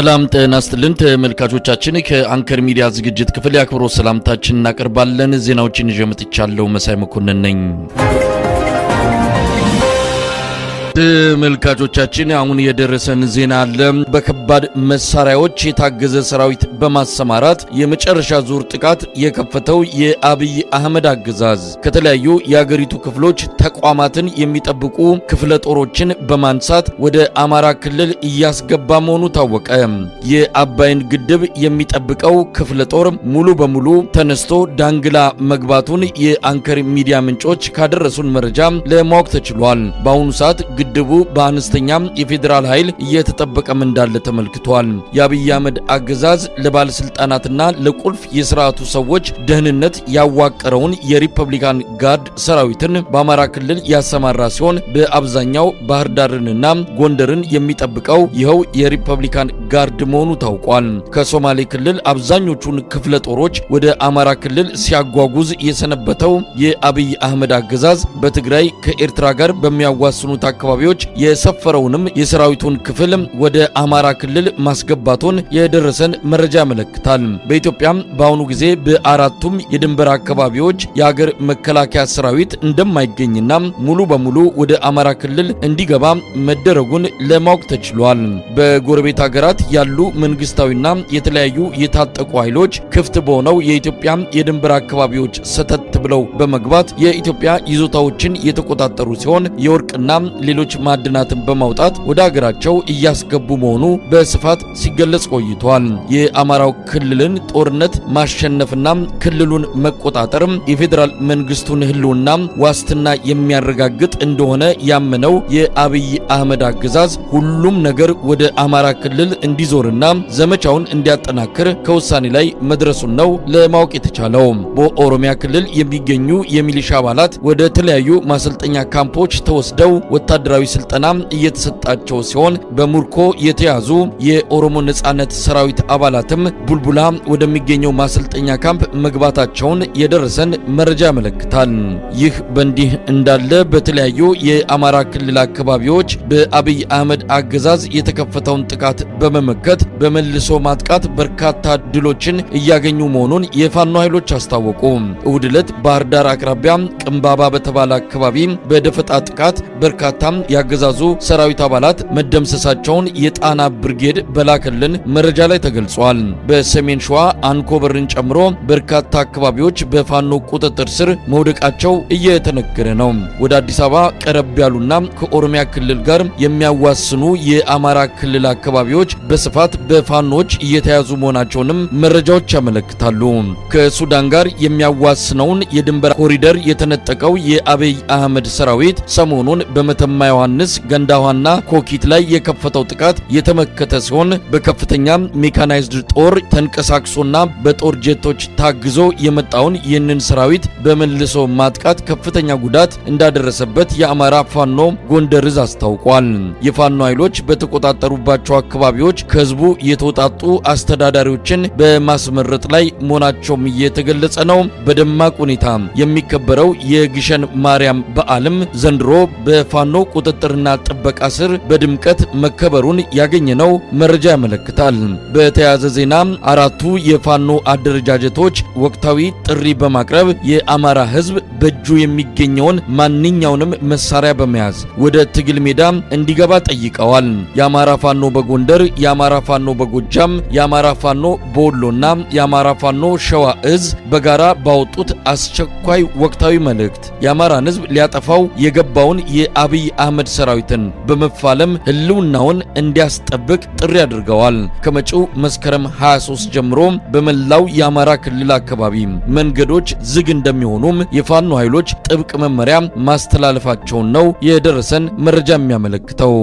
ሰላም ጤና ይስጥልን ተመልካቾቻችን፣ ከአንከር ሚዲያ ዝግጅት ክፍል የአክብሮት ሰላምታችን እናቀርባለን። ዜናዎችን ይዤ መጥቻለሁ። መሳይ መኮንን ነኝ። ተመልካቾቻችን አሁን የደረሰን ዜና አለ። በከባድ መሳሪያዎች የታገዘ ሰራዊት በማሰማራት የመጨረሻ ዙር ጥቃት የከፈተው የአብይ አህመድ አገዛዝ ከተለያዩ የአገሪቱ ክፍሎች ተቋማትን የሚጠብቁ ክፍለ ጦሮችን በማንሳት ወደ አማራ ክልል እያስገባ መሆኑ ታወቀ። የአባይን ግድብ የሚጠብቀው ክፍለ ጦር ሙሉ በሙሉ ተነስቶ ዳንግላ መግባቱን የአንከር ሚዲያ ምንጮች ካደረሱን መረጃ ለማወቅ ተችሏል። በአሁኑ ሰዓት ግድቡ በአነስተኛም የፌዴራል ኃይል እየተጠበቀም እንዳለ ተመልክቷል። የአብይ አህመድ አገዛዝ ለባለስልጣናትና ለቁልፍ የስርዓቱ ሰዎች ደህንነት ያዋቀረውን የሪፐብሊካን ጋርድ ሰራዊትን በአማራ ክልል ያሰማራ ሲሆን በአብዛኛው ባህር ዳርንና ጎንደርን የሚጠብቀው ይኸው የሪፐብሊካን ጋርድ መሆኑ ታውቋል። ከሶማሌ ክልል አብዛኞቹን ክፍለ ጦሮች ወደ አማራ ክልል ሲያጓጉዝ የሰነበተው የአብይ አህመድ አገዛዝ በትግራይ ከኤርትራ ጋር በሚያዋስኑት አካባቢ አካባቢዎች የሰፈረውንም የሰራዊቱን ክፍል ወደ አማራ ክልል ማስገባቱን የደረሰን መረጃ ያመለክታል። በኢትዮጵያም በአሁኑ ጊዜ በአራቱም የድንበር አካባቢዎች የአገር መከላከያ ሰራዊት እንደማይገኝና ሙሉ በሙሉ ወደ አማራ ክልል እንዲገባ መደረጉን ለማወቅ ተችሏል። በጎረቤት ሀገራት ያሉ መንግስታዊና የተለያዩ የታጠቁ ኃይሎች ክፍት በሆነው የኢትዮጵያ የድንበር አካባቢዎች ሰተት ብለው በመግባት የኢትዮጵያ ይዞታዎችን የተቆጣጠሩ ሲሆን የወርቅና ሌሎች ሌሎች ማዕድናትን በማውጣት ወደ አገራቸው እያስገቡ መሆኑ በስፋት ሲገለጽ ቆይቷል። የአማራው ክልልን ጦርነት ማሸነፍና ክልሉን መቆጣጠር የፌዴራል መንግስቱን ህልውና ዋስትና የሚያረጋግጥ እንደሆነ ያመነው የአብይ አህመድ አገዛዝ ሁሉም ነገር ወደ አማራ ክልል እንዲዞርና ዘመቻውን እንዲያጠናክር ከውሳኔ ላይ መድረሱን ነው ለማወቅ የተቻለው። በኦሮሚያ ክልል የሚገኙ የሚሊሻ አባላት ወደ ተለያዩ ማሰልጠኛ ካምፖች ተወስደው ወታደ ወታደራዊ ስልጠና እየተሰጣቸው ሲሆን በሙርኮ የተያዙ የኦሮሞ ነጻነት ሰራዊት አባላትም ቡልቡላ ወደሚገኘው ማሰልጠኛ ካምፕ መግባታቸውን የደረሰን መረጃ ያመለክታል። ይህ በእንዲህ እንዳለ በተለያዩ የአማራ ክልል አካባቢዎች በአብይ አህመድ አገዛዝ የተከፈተውን ጥቃት በመመከት በመልሶ ማጥቃት በርካታ ድሎችን እያገኙ መሆኑን የፋኖ ኃይሎች አስታወቁ። እሁድ ዕለት ባህር ዳር አቅራቢያ ቅንባባ በተባለ አካባቢ በደፈጣ ጥቃት በርካታም ያገዛዙ ሰራዊት አባላት መደምሰሳቸውን የጣና ብርጌድ በላከልን መረጃ ላይ ተገልጿል። በሰሜን ሸዋ አንኮበርን ጨምሮ በርካታ አካባቢዎች በፋኖ ቁጥጥር ስር መውደቃቸው እየተነገረ ነው። ወደ አዲስ አበባ ቀረብ ያሉና ከኦሮሚያ ክልል ጋር የሚያዋስኑ የአማራ ክልል አካባቢዎች በስፋት በፋኖች እየተያዙ መሆናቸውንም መረጃዎች ያመለክታሉ። ከሱዳን ጋር የሚያዋስነውን የድንበር ኮሪደር የተነጠቀው የአብይ አህመድ ሰራዊት ሰሞኑን በመተማ ዮሐንስ ገንዳዋና ኮኪት ላይ የከፈተው ጥቃት የተመከተ ሲሆን በከፍተኛ ሜካናይዝድ ጦር ተንቀሳቅሶና በጦር ጀቶች ታግዞ የመጣውን ይህንን ሰራዊት በመልሶ ማጥቃት ከፍተኛ ጉዳት እንዳደረሰበት የአማራ ፋኖ ጎንደር እዝ አስታውቋል። የፋኖ ኃይሎች በተቆጣጠሩባቸው አካባቢዎች ከህዝቡ የተውጣጡ አስተዳዳሪዎችን በማስመረጥ ላይ መሆናቸውም እየተገለጸ ነው። በደማቅ ሁኔታ የሚከበረው የግሸን ማርያም በዓልም ዘንድሮ በፋኖ ቁጥጥርና ጥበቃ ስር በድምቀት መከበሩን ያገኘነው መረጃ ያመለክታል። በተያያዘ ዜና አራቱ የፋኖ አደረጃጀቶች ወቅታዊ ጥሪ በማቅረብ የአማራ ሕዝብ በእጁ የሚገኘውን ማንኛውንም መሳሪያ በመያዝ ወደ ትግል ሜዳ እንዲገባ ጠይቀዋል። የአማራ ፋኖ በጎንደር፣ የአማራ ፋኖ በጎጃም፣ የአማራ ፋኖ በወሎና የአማራ ፋኖ ሸዋ እዝ በጋራ ባወጡት አስቸኳይ ወቅታዊ መልእክት የአማራን ሕዝብ ሊያጠፋው የገባውን የአብይ የአህመድ ሰራዊትን በመፋለም ህልውናውን እንዲያስጠብቅ ጥሪ አድርገዋል። ከመጪው መስከረም 23 ጀምሮ በመላው የአማራ ክልል አካባቢ መንገዶች ዝግ እንደሚሆኑም የፋኖ ኃይሎች ጥብቅ መመሪያ ማስተላለፋቸውን ነው የደረሰን መረጃ የሚያመለክተው።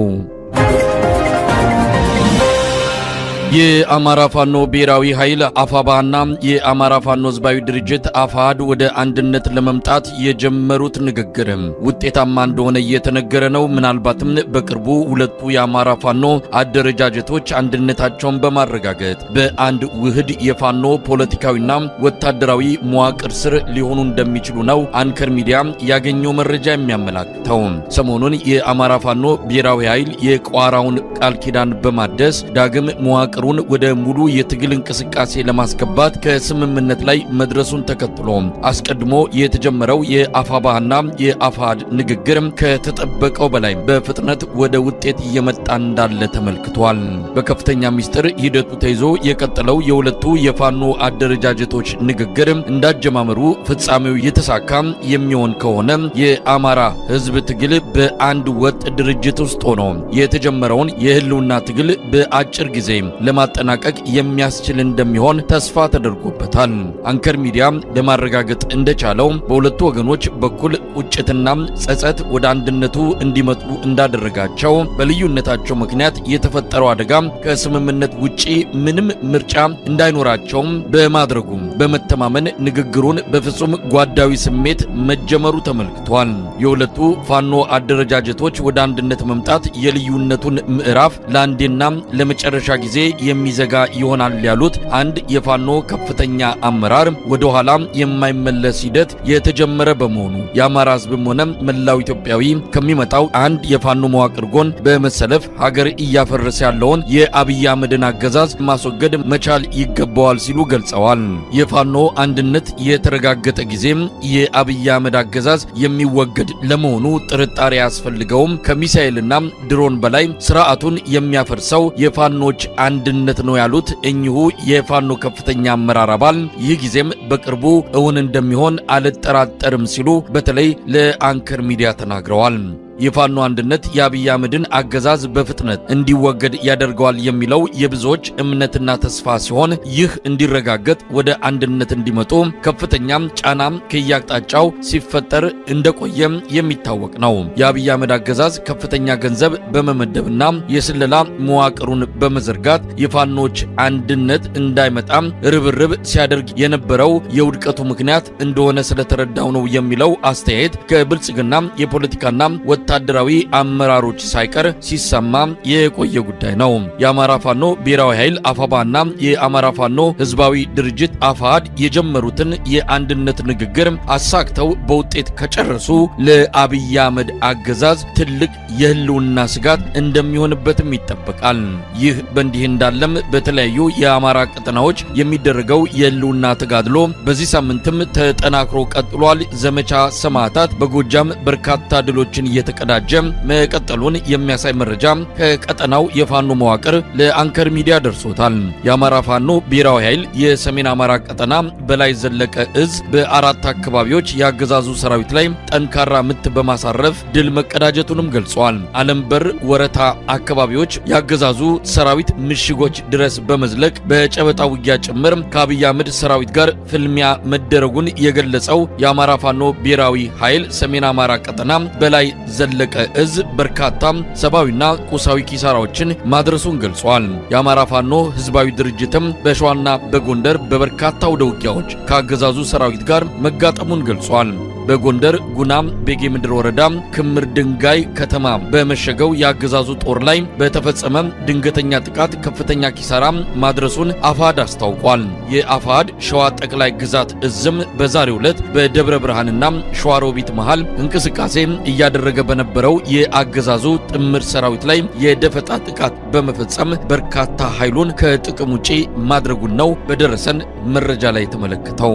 የአማራ ፋኖ ብሔራዊ ኃይል አፋባና የአማራ ፋኖ ህዝባዊ ድርጅት አፋሃድ ወደ አንድነት ለመምጣት የጀመሩት ንግግር ውጤታማ እንደሆነ እየተነገረ ነው። ምናልባትም በቅርቡ ሁለቱ የአማራ ፋኖ አደረጃጀቶች አንድነታቸውን በማረጋገጥ በአንድ ውህድ የፋኖ ፖለቲካዊና ወታደራዊ መዋቅር ስር ሊሆኑ እንደሚችሉ ነው አንከር ሚዲያ ያገኘው መረጃ የሚያመላክተው። ሰሞኑን የአማራ ፋኖ ብሔራዊ ኃይል የቋራውን ቃል ኪዳን በማደስ ዳግም መዋቅር መዋቅሩን ወደ ሙሉ የትግል እንቅስቃሴ ለማስገባት ከስምምነት ላይ መድረሱን ተከትሎ አስቀድሞ የተጀመረው የአፋባህና የአፋድ ንግግር ከተጠበቀው በላይ በፍጥነት ወደ ውጤት እየመጣ እንዳለ ተመልክቷል። በከፍተኛ ሚስጥር ሂደቱ ተይዞ የቀጠለው የሁለቱ የፋኖ አደረጃጀቶች ንግግር እንዳጀማመሩ ፍጻሜው የተሳካ የሚሆን ከሆነ የአማራ ሕዝብ ትግል በአንድ ወጥ ድርጅት ውስጥ ሆኖ የተጀመረውን የህልውና ትግል በአጭር ጊዜ ለማጠናቀቅ የሚያስችል እንደሚሆን ተስፋ ተደርጎበታል። አንከር ሚዲያ ለማረጋገጥ እንደቻለው በሁለቱ ወገኖች በኩል ውጭትና ጸጸት ወደ አንድነቱ እንዲመጡ እንዳደረጋቸው በልዩነታቸው ምክንያት የተፈጠረው አደጋ ከስምምነት ውጪ ምንም ምርጫ እንዳይኖራቸውም በማድረጉ በመተማመን ንግግሩን በፍጹም ጓዳዊ ስሜት መጀመሩ ተመልክቷል። የሁለቱ ፋኖ አደረጃጀቶች ወደ አንድነት መምጣት የልዩነቱን ምዕራፍ ለአንዴና ለመጨረሻ ጊዜ የሚዘጋ ይሆናል ያሉት አንድ የፋኖ ከፍተኛ አመራር ወደ ኋላም የማይመለስ ሂደት የተጀመረ በመሆኑ የአማራ ሕዝብም ሆነ መላው ኢትዮጵያዊ ከሚመጣው አንድ የፋኖ መዋቅር ጎን በመሰለፍ ሀገር እያፈረሰ ያለውን የአብይ አህመድን አገዛዝ ማስወገድ መቻል ይገባዋል ሲሉ ገልጸዋል። የፋኖ አንድነት የተረጋገጠ ጊዜም የአብይ አህመድ አገዛዝ የሚወገድ ለመሆኑ ጥርጣሬ አያስፈልገውም። ከሚሳኤልና ድሮን በላይ ስርዓቱን የሚያፈርሰው የፋኖች አንድ አንድነት ነው ያሉት እኚሁ የፋኖ ከፍተኛ አመራር አባል ይህ ጊዜም በቅርቡ እውን እንደሚሆን አልጠራጠርም ሲሉ በተለይ ለአንከር ሚዲያ ተናግረዋል። የፋኖ አንድነት የአብይ አህመድን አገዛዝ በፍጥነት እንዲወገድ ያደርገዋል የሚለው የብዙዎች እምነትና ተስፋ ሲሆን ይህ እንዲረጋገጥ ወደ አንድነት እንዲመጡ ከፍተኛም ጫናም ከየአቅጣጫው ሲፈጠር እንደቆየም የሚታወቅ ነው። የአብይ አህመድ አገዛዝ ከፍተኛ ገንዘብ በመመደብና የስለላ መዋቅሩን በመዘርጋት የፋኖች አንድነት እንዳይመጣም ርብርብ ሲያደርግ የነበረው የውድቀቱ ምክንያት እንደሆነ ስለተረዳው ነው የሚለው አስተያየት ከብልጽግና የፖለቲካና ወ ወታደራዊ አመራሮች ሳይቀር ሲሰማ የቆየ ጉዳይ ነው። የአማራ ፋኖ ብሔራዊ ኃይል አፋባና የአማራ ፋኖ ህዝባዊ ድርጅት አፋድ የጀመሩትን የአንድነት ንግግር አሳክተው በውጤት ከጨረሱ ለአብይ አህመድ አገዛዝ ትልቅ የህልውና ስጋት እንደሚሆንበትም ይጠበቃል። ይህ በእንዲህ እንዳለም በተለያዩ የአማራ ቀጠናዎች የሚደረገው የህልውና ተጋድሎ በዚህ ሳምንትም ተጠናክሮ ቀጥሏል። ዘመቻ ሰማዕታት በጎጃም በርካታ ድሎችን እየተ እየተቀዳጀ መቀጠሉን የሚያሳይ መረጃ ከቀጠናው የፋኖ መዋቅር ለአንከር ሚዲያ ደርሶታል። የአማራ ፋኖ ብሔራዊ ኃይል የሰሜን አማራ ቀጠና በላይ ዘለቀ እዝ በአራት አካባቢዎች የአገዛዙ ሰራዊት ላይ ጠንካራ ምት በማሳረፍ ድል መቀዳጀቱንም ገልጿል። አለምበር ወረታ አካባቢዎች የአገዛዙ ሰራዊት ምሽጎች ድረስ በመዝለቅ በጨበጣ ውጊያ ጭምር ከአብይ አህመድ ሰራዊት ጋር ፍልሚያ መደረጉን የገለጸው የአማራ ፋኖ ብሔራዊ ኃይል ሰሜን አማራ ቀጠና በላይ የዘለቀ እዝ በርካታም ሰብአዊና ቁሳዊ ኪሳራዎችን ማድረሱን ገልጿል። የአማራ ፋኖ ህዝባዊ ድርጅትም በሸዋና በጎንደር በበርካታ አውደ ውጊያዎች ከአገዛዙ ሰራዊት ጋር መጋጠሙን ገልጿል። በጎንደር ጉናም ቤጌ ምድር ወረዳ ክምር ድንጋይ ከተማ በመሸገው የአገዛዙ ጦር ላይ በተፈጸመ ድንገተኛ ጥቃት ከፍተኛ ኪሳራ ማድረሱን አፋድ አስታውቋል። የአፋድ ሸዋ ጠቅላይ ግዛት እዝም በዛሬው ዕለት በደብረ ብርሃንና ሸዋሮቢት መሃል እንቅስቃሴ እያደረገ በነበረው የአገዛዙ ጥምር ሰራዊት ላይ የደፈጣ ጥቃት በመፈጸም በርካታ ኃይሉን ከጥቅም ውጪ ማድረጉን ነው በደረሰን መረጃ ላይ የተመለከተው።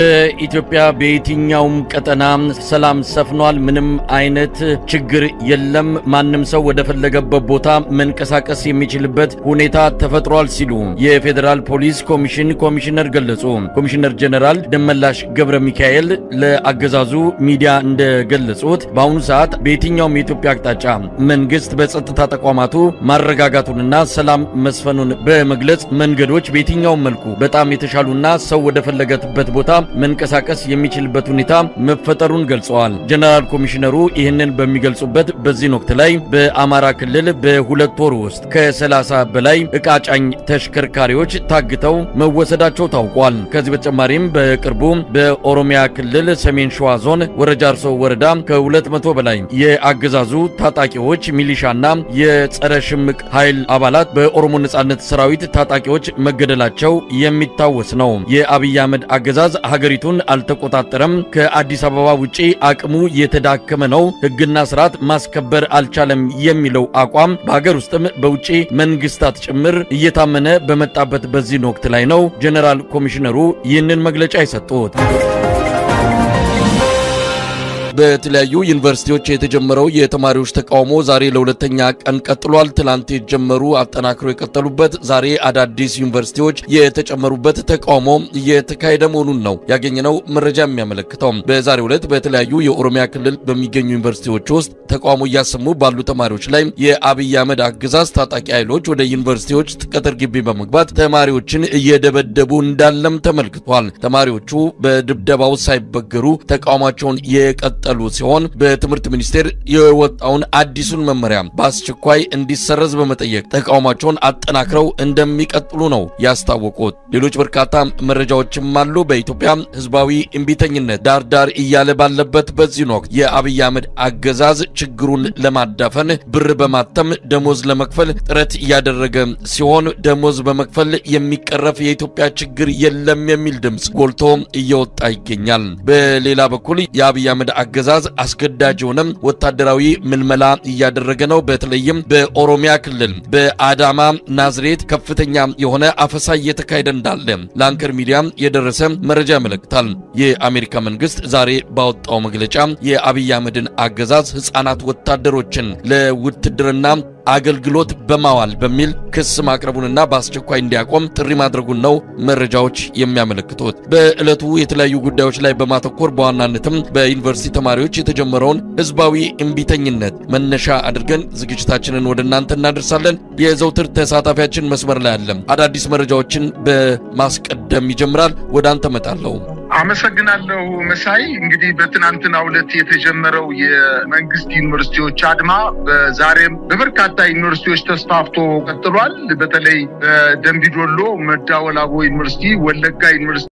በኢትዮጵያ በየትኛውም ቀጠና ሰላም ሰፍኗል። ምንም አይነት ችግር የለም። ማንም ሰው ወደ ፈለገበት ቦታ መንቀሳቀስ የሚችልበት ሁኔታ ተፈጥሯል ሲሉ የፌዴራል ፖሊስ ኮሚሽን ኮሚሽነር ገለጹ። ኮሚሽነር ጀነራል ደመላሽ ገብረ ሚካኤል ለአገዛዙ ሚዲያ እንደገለጹት በአሁኑ ሰዓት በየትኛውም የኢትዮጵያ አቅጣጫ መንግስት በጸጥታ ተቋማቱ ማረጋጋቱንና ሰላም መስፈኑን በመግለጽ መንገዶች በየትኛውም መልኩ በጣም የተሻሉና ሰው ወደ ፈለገበት ቦታ መንቀሳቀስ የሚችልበት ሁኔታ መፈጠሩን ገልጸዋል። ጀነራል ኮሚሽነሩ ይህንን በሚገልጹበት በዚህን ወቅት ላይ በአማራ ክልል በሁለት ወር ውስጥ ከ30 በላይ እቃ ጫኝ ተሽከርካሪዎች ታግተው መወሰዳቸው ታውቋል። ከዚህ በተጨማሪም በቅርቡ በኦሮሚያ ክልል ሰሜን ሸዋ ዞን ወረጃ አርሶ ወረዳ ከ200 በላይ የአገዛዙ ታጣቂዎች ሚሊሻና የጸረ ሽምቅ ኃይል አባላት በኦሮሞ ነጻነት ሰራዊት ታጣቂዎች መገደላቸው የሚታወስ ነው። የአብይ አህመድ አገዛዝ ሀገሪቱን አልተቆጣጠረም፣ ከአዲስ አበባ ውጪ አቅሙ የተዳከመ ነው፣ ህግና ስርዓት ማስከበር አልቻለም የሚለው አቋም በሀገር ውስጥም በውጪ መንግስታት ጭምር እየታመነ በመጣበት በዚህ ወቅት ላይ ነው ጀነራል ኮሚሽነሩ ይህንን መግለጫ የሰጡት። በተለያዩ ዩኒቨርሲቲዎች የተጀመረው የተማሪዎች ተቃውሞ ዛሬ ለሁለተኛ ቀን ቀጥሏል። ትላንት የጀመሩ አጠናክሮ የቀጠሉበት ዛሬ አዳዲስ ዩኒቨርሲቲዎች የተጨመሩበት ተቃውሞ እየተካሄደ መሆኑን ነው ያገኘነው መረጃ የሚያመለክተው። በዛሬ ዕለት በተለያዩ የኦሮሚያ ክልል በሚገኙ ዩኒቨርሲቲዎች ውስጥ ተቃውሞ እያሰሙ ባሉ ተማሪዎች ላይ የአብይ አህመድ አገዛዝ ታጣቂ ኃይሎች ወደ ዩኒቨርሲቲዎች ቅጥር ግቢ በመግባት ተማሪዎችን እየደበደቡ እንዳለም ተመልክቷል። ተማሪዎቹ በድብደባው ሳይበገሩ ተቃውሟቸውን የቀጥ የቀጠሉ ሲሆን በትምህርት ሚኒስቴር የወጣውን አዲሱን መመሪያ በአስቸኳይ እንዲሰረዝ በመጠየቅ ተቃውሟቸውን አጠናክረው እንደሚቀጥሉ ነው ያስታወቁት። ሌሎች በርካታ መረጃዎችም አሉ። በኢትዮጵያ ህዝባዊ እምቢተኝነት ዳር ዳር እያለ ባለበት በዚህ ወቅት የአብይ አህመድ አገዛዝ ችግሩን ለማዳፈን ብር በማተም ደሞዝ ለመክፈል ጥረት እያደረገ ሲሆን ደሞዝ በመክፈል የሚቀረፍ የኢትዮጵያ ችግር የለም የሚል ድምፅ ጎልቶ እየወጣ ይገኛል። በሌላ በኩል የአብይ አህመድ አገዛዝ አስገዳጅ የሆነም ወታደራዊ ምልመላ እያደረገ ነው። በተለይም በኦሮሚያ ክልል በአዳማ ናዝሬት ከፍተኛ የሆነ አፈሳ እየተካሄደ እንዳለ ለአንከር ሚዲያ የደረሰ መረጃ ያመለክታል። የአሜሪካ መንግስት ዛሬ ባወጣው መግለጫ የአብይ አህመድን አገዛዝ ህጻናት ወታደሮችን ለውትድርና አገልግሎት በማዋል በሚል ክስ ማቅረቡንና በአስቸኳይ እንዲያቆም ጥሪ ማድረጉን ነው መረጃዎች የሚያመለክቱት። በዕለቱ የተለያዩ ጉዳዮች ላይ በማተኮር በዋናነትም በዩኒቨርሲቲ ተማሪዎች የተጀመረውን ህዝባዊ እምቢተኝነት መነሻ አድርገን ዝግጅታችንን ወደ እናንተ እናደርሳለን። የዘውትር ተሳታፊያችን መስመር ላይ አለም አዳዲስ መረጃዎችን በማስቀደም ይጀምራል። ወደ አንተ መጣለሁ። አመሰግናለሁ መሳይ። እንግዲህ በትናንትና ሁለት የተጀመረው የመንግስት ዩኒቨርሲቲዎች አድማ በዛሬም በበርካታ ዩኒቨርሲቲዎች ተስፋፍቶ ቀጥሏል። በተለይ በደንቢዶሎ፣ መዳ ዩኒቨርሲቲ፣ ወለጋ ዩኒቨርሲቲ